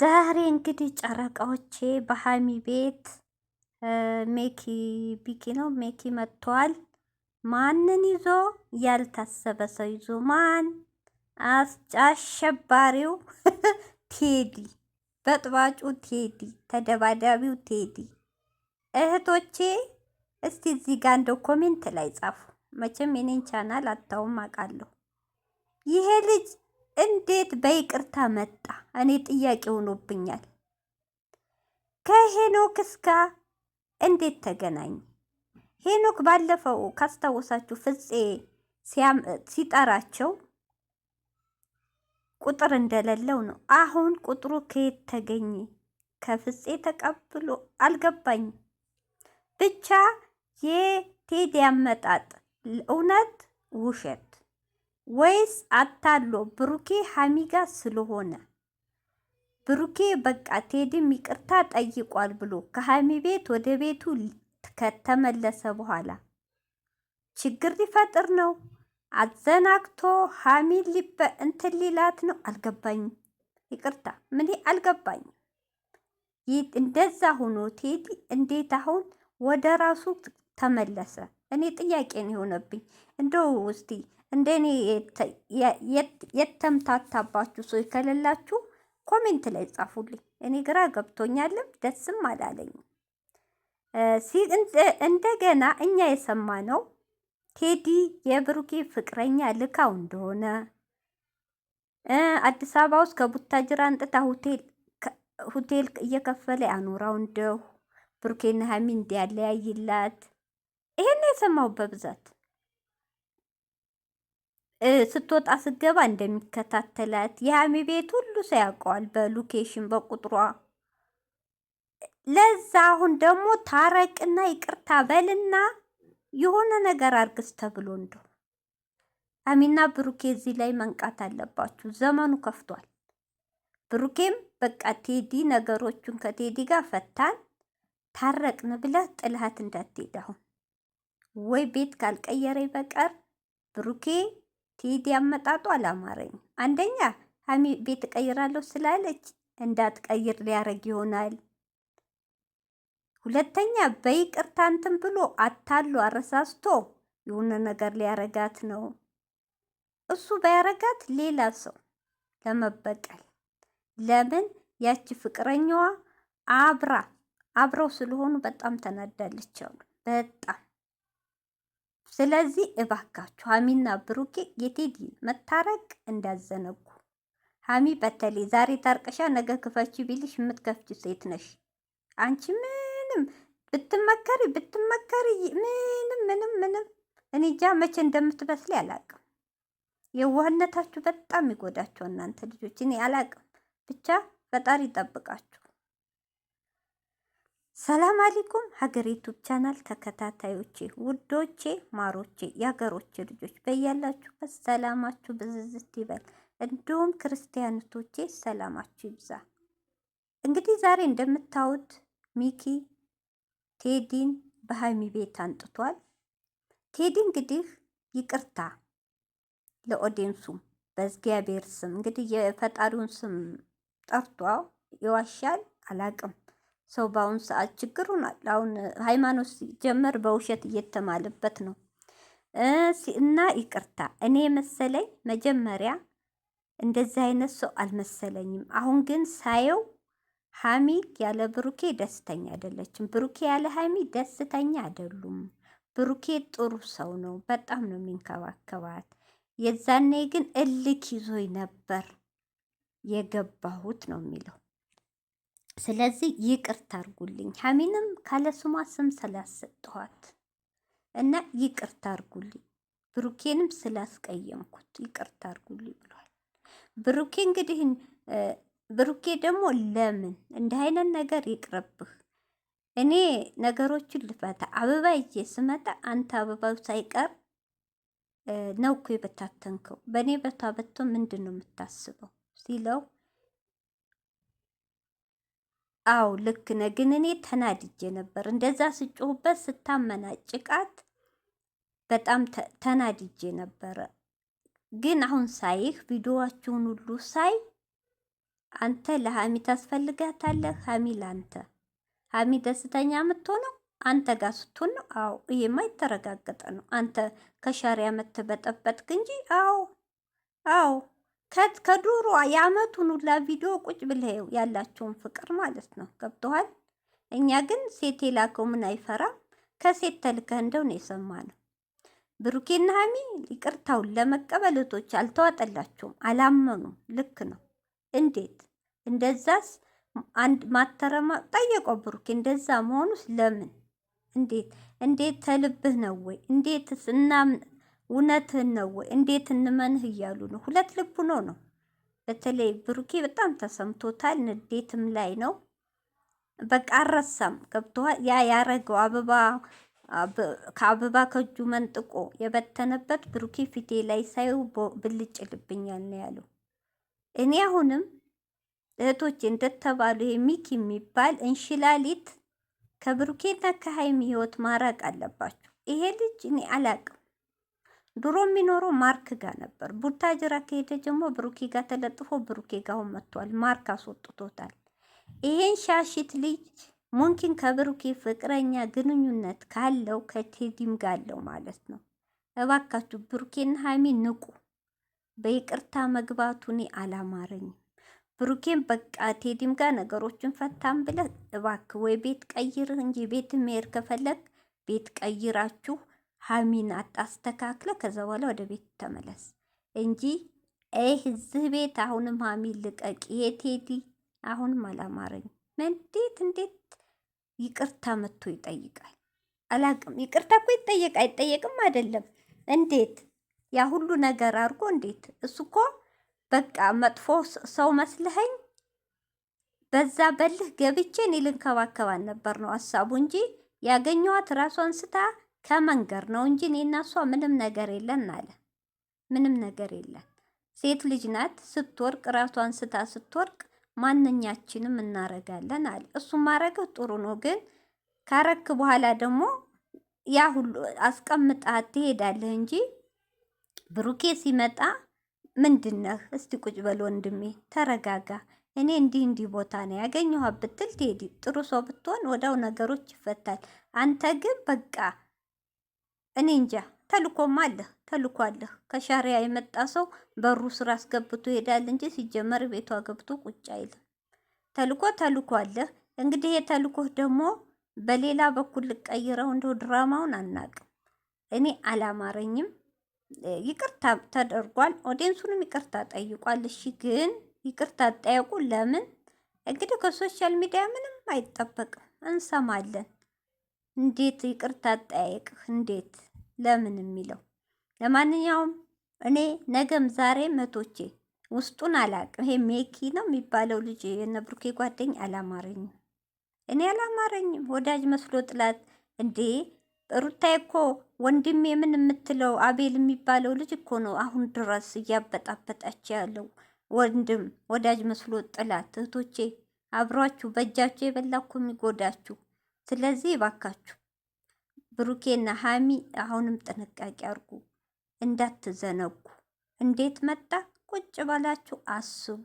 ዛሬ እንግዲህ ጨረቃዎቼ በሀሚ ቤት ሜኪ ቢኪ ነው ሜኪ መጥቷል። ማንን ይዞ? ያልታሰበ ሰው ይዞ ማን? አስጫሸባሪው ቴዲ፣ በጥባጩ ቴዲ፣ ተደባዳቢው ቴዲ። እህቶቼ እስቲ እዚህ ጋር እንደው ኮሜንት ላይ ጻፉ። መቼም የኔን ቻናል አታውም አውቃለሁ። ይሄ ልጅ እንዴት በይቅርታ መጣ? እኔ ጥያቄ ሆኖብኛል። ከሄኖክስ ጋር እንዴት ተገናኘ? ሄኖክ ባለፈው ካስታወሳችሁ ፍፄ ሲጠራቸው ቁጥር እንደሌለው ነው። አሁን ቁጥሩ ከየት ተገኘ? ከፍፄ ተቀብሎ አልገባኝም። ብቻ የቴዲ አመጣጥ እውነት ውሸት ወይስ አታሎ ብሩኬ ሀሚጋ ስለሆነ ብሩኬ በቃ ቴዲም ይቅርታ ጠይቋል ብሎ ከሀሚ ቤት ወደ ቤቱ ከተመለሰ በኋላ ችግር ሊፈጥር ነው አዘናግቶ ሀሚን ሊበ እንትን ሊላት ነው። አልገባኝም። ይቅርታ ምን አልገባኝም። እንደዛ ሆኖ ቴዲ እንዴት አሁን ወደ ራሱ ተመለሰ? እኔ ጥያቄን የሆነብኝ እንደው እስቲ እንደኔ የተምታታባችሁ ሰው ከሌላችሁ ኮሜንት ላይ ጻፉልኝ። እኔ ግራ ገብቶኛልም ደስም አላለኝም። እንደገና እኛ የሰማነው ቴዲ የብሩኬ ፍቅረኛ ልካው እንደሆነ አዲስ አበባ ውስጥ ከቡታጅራ አንጥታ ሆቴል ሆቴል እየከፈለ አኖራው እንደው ብሩኬና ሀሚ እንዲያለያይላት ይሄን የሰማው በብዛት ስትወጣ ስገባ እንደሚከታተላት የሀሚ ቤት ሁሉ ሰው ያውቀዋል፣ በሎኬሽን በቁጥሯ። ለዛ አሁን ደግሞ ታረቅና ይቅርታ በልና የሆነ ነገር አርግስ ተብሎ እንደው ሀሚና ብሩኬ እዚህ ላይ መንቃት አለባችሁ። ዘመኑ ከፍቷል። ብሩኬም በቃ ቴዲ ነገሮቹን ከቴዲ ጋር ፈታን ታረቅን ብለህ ጥልሀት እንዳትሄድ አሁን ወይ ቤት ካልቀየረ በቀር ብሩኬ ቴዲ አመጣጡ አላማረኝ። አንደኛ ሀሚ ቤት እቀይራለሁ ስላለች እንዳትቀይር ሊያረግ ይሆናል። ሁለተኛ በይቅርታ እንትን ብሎ አታሉ አረሳስቶ የሆነ ነገር ሊያረጋት ነው። እሱ ባያረጋት ሌላ ሰው ለመበቀል ለምን ያቺ ፍቅረኛዋ አብራ አብረው ስለሆኑ በጣም ተናዳለች በጣም ስለዚህ እባካችሁ ሀሚና ብሩኬ የቴዲ መታረቅ እንዳዘነጉ። ሀሚ በተለይ ዛሬ ታርቀሻ ነገ ክፈች ቢልሽ የምትከፍች ሴት ነሽ አንቺ። ምንም ብትመከሪ ብትመከሪ ምንም ምንም ምንም እኔ እንጃ መቼ እንደምትበስል አላቅም። የዋህነታችሁ በጣም ይጎዳቸው እናንተ ልጆች፣ እኔ አላቅም። ብቻ ፈጣሪ ይጠብቃችሁ። ሰላም አለይኩም ሀገሪቱ ቻናል ተከታታዮቼ ውዶቼ ማሮቼ የሀገሮቼ ልጆች በያላችሁበት ሰላማችሁ ብዝዝት ይበል። እንዲሁም ክርስቲያንቶቼ ሰላማችሁ ይብዛ። እንግዲህ ዛሬ እንደምታዩት ሚኪ ቴዲን በሀይሚ ቤት አንጥቷል። ቴዲ እንግዲህ ይቅርታ ለኦዲንሱም በእግዚአብሔር ስም እንግዲህ የፈጣሪውን ስም ጠርቷ ይዋሻል አላቅም ሰው በአሁኑ ሰዓት ችግር ሆኗል። አሁን ሃይማኖት ሲጀመር በውሸት እየተማለበት ነው እና ይቅርታ እኔ መሰለኝ መጀመሪያ እንደዚህ አይነት ሰው አልመሰለኝም። አሁን ግን ሳየው ሀሚ ያለ ብሩኬ ደስተኛ አይደለችም። ብሩኬ ያለ ሀሚ ደስተኛ አይደሉም። ብሩኬ ጥሩ ሰው ነው፣ በጣም ነው የሚንከባከባት። የዛኔ ግን እልክ ይዞኝ ነበር የገባሁት ነው የሚለው ስለዚህ ይቅርታ አርጉልኝ። ሀሚንም ካለስሟ ስም ስላሰጠኋት እና ይቅርታ አርጉልኝ፣ ብሩኬንም ስላስቀየምኩት ይቅርታ አርጉልኝ ብሏል። ብሩኬ እንግዲህ ብሩኬ ደግሞ ለምን እንደ አይነት ነገር ይቅረብህ፣ እኔ ነገሮችን ልፈታ አበባ ይዤ ስመጣ አንተ አበባው ሳይቀር ነው እኮ የበታተንከው። በእኔ በቶ ምንድን ነው የምታስበው ሲለው አው ልክ ነህ። ግን እኔ ተናድጄ ነበር እንደዛ ስጮህበት ስታመናጭቃት በጣም ተናድጄ ነበረ። ግን አሁን ሳይህ ቪዲዮዋችሁን ሁሉ ሳይ አንተ ለሀሚ ታስፈልጋታለህ፣ ሀሚ ለአንተ። ሀሚ ደስተኛ የምትሆነው አንተ ጋር ስትሆን ነው። አዎ ይሄማ የተረጋገጠ ነው። አንተ ከሻሪያ መተበጠበጥክ እንጂ አዎ አዎ ከድሮ የአመቱን ሁላ ቪዲዮ ቁጭ ብለው ያላቸውን ፍቅር ማለት ነው። ገብተዋል። እኛ ግን ሴት የላከው ምን አይፈራም። ከሴት ተልከህ እንደው ነው የሰማነው። ብሩኬና ሀሚ ይቅርታውን ለመቀበል እህቶች አልተዋጠላቸውም፣ አላመኑም። ልክ ነው። እንዴት እንደዛስ? አንድ ማተረማ ጠየቀው ብሩኬ። እንደዛ መሆኑስ ለምን? እንዴት እንዴት ተልብህ ነው ወይ? እንዴትስ እናምን እውነትህን ነው እንዴት እንመንህ እያሉ ነው። ሁለት ልብ ሆኖ ነው። በተለይ ብሩኬ በጣም ተሰምቶታል። ንዴትም ላይ ነው። በቃ አረሳም። ገብቶሃል? ያ ያረገው አበባ ከአበባ ከእጁ መንጥቆ የበተነበት ብሩኬ ፊቴ ላይ ሳይው ብልጭ ልብኛል ነው ያለው። እኔ አሁንም እህቶች እንደተባሉ የሚክ የሚባል እንሽላሊት ከብሩኬና ከሀይሚ ህይወት ማራቅ አለባችሁ። ይሄ ልጅ እኔ አላቅም። ድሮ የሚኖረው ማርክ ጋር ነበር። ቡታጅራ ከሄደ ደግሞ ብሩኬ ጋር ተለጥፎ ብሩኬ ጋር መጥቷል። ማርክ አስወጥቶታል። ይሄን ሻሽት ልጅ ሙንኪን ከብሩኬ ፍቅረኛ ግንኙነት ካለው ከቴዲም ጋር አለው ማለት ነው። እባካችሁ ብሩኬን ሀይሚ ንቁ። በይቅርታ መግባቱ እኔ አላማረኝም። ብሩኬን በቃ ቴዲም ጋር ነገሮችን ፈታም ብለህ እባክህ ወይ ቤት ቀይር እንጂ ቤት መሄድ ከፈለግ ቤት ቀይራችሁ ሀሚን አታስተካክለ ከዛ በኋላ ወደ ቤት ተመለስ እንጂ ይህ እዚህ ቤት አሁንም ሀሚን ልቀቂ። የቴዲ አሁንም አላማረኝ። እንዴት እንዴት ይቅርታ መጥቶ ይጠይቃል? አላቅም። ይቅርታ እኮ ይጠየቅ አይጠየቅም አይደለም። እንዴት ያ ሁሉ ነገር አድርጎ እንዴት እሱ እኮ በቃ መጥፎ ሰው መስልኸኝ በዛ በልህ ገብቼ እኔ ልንከባከባን ነበር ነው ሀሳቡ እንጂ ያገኘዋት ራሷን ስታ ከመንገር ነው እንጂ እኔ እና እሷ ምንም ነገር የለን አለ። ምንም ነገር የለን። ሴት ልጅ ናት። ስትወርቅ ራሷን ስታ ስትወርቅ ማንኛችንም እናረጋለን አለ። እሱ ማረገው ጥሩ ነው፣ ግን ካረክ በኋላ ደግሞ ያ ሁሉ አስቀምጣ ትሄዳለህ እንጂ ብሩኬ ሲመጣ ምንድን ነህ? እስቲ ቁጭ በል ወንድሜ፣ ተረጋጋ። እኔ እንዲህ እንዲህ ቦታ ነው ያገኘኋ ብትል ትሄዲ። ጥሩ ሰው ብትሆን ወዳው ነገሮች ይፈታል። አንተ ግን በቃ እኔ እንጃ። ተልኮም አለህ ተልኮ አለህ። ከሻሪያ የመጣ ሰው በሩ ስራ አስገብቶ ይሄዳል እንጂ ሲጀመር ቤቷ ገብቶ ቁጭ አይልም። ተልኮ ተልኮ አለህ። እንግዲህ የተልኮህ ደግሞ በሌላ በኩል ልቀይረው እንደው ድራማውን አናቅም። እኔ አላማረኝም። ይቅርታ ተደርጓል። ኦዲንሱንም ይቅርታ ጠይቋል። እሺ ግን ይቅርታ ጠየቁ። ለምን እንግዲህ ከሶሻል ሚዲያ ምንም አይጠበቅም፣ እንሰማለን። እንዴት ይቅርታ ጠያይቅህ እንዴት ለምን የሚለው ለማንኛውም እኔ ነገም ዛሬ መቶቼ ውስጡን አላቅም። ይሄ ሜኪ ነው የሚባለው ልጅ የነብሩኬ ጓደኝ አላማረኝም። እኔ አላማረኝም። ወዳጅ መስሎ ጥላት እንዴ! ሩታይ እኮ ወንድሜ የምን የምትለው አቤል የሚባለው ልጅ እኮ ነው አሁን ድረስ እያበጣበጣች ያለው ወንድም ወዳጅ መስሎ ጥላት። እህቶቼ አብሯችሁ በእጃችሁ የበላ እኮ የሚጎዳችሁ። ስለዚህ ይባካችሁ ብሩኬና ሀሚ አሁንም ጥንቃቄ አድርጉ፣ እንዳትዘነጉ። እንዴት መጣ? ቁጭ ባላችሁ አስቡ።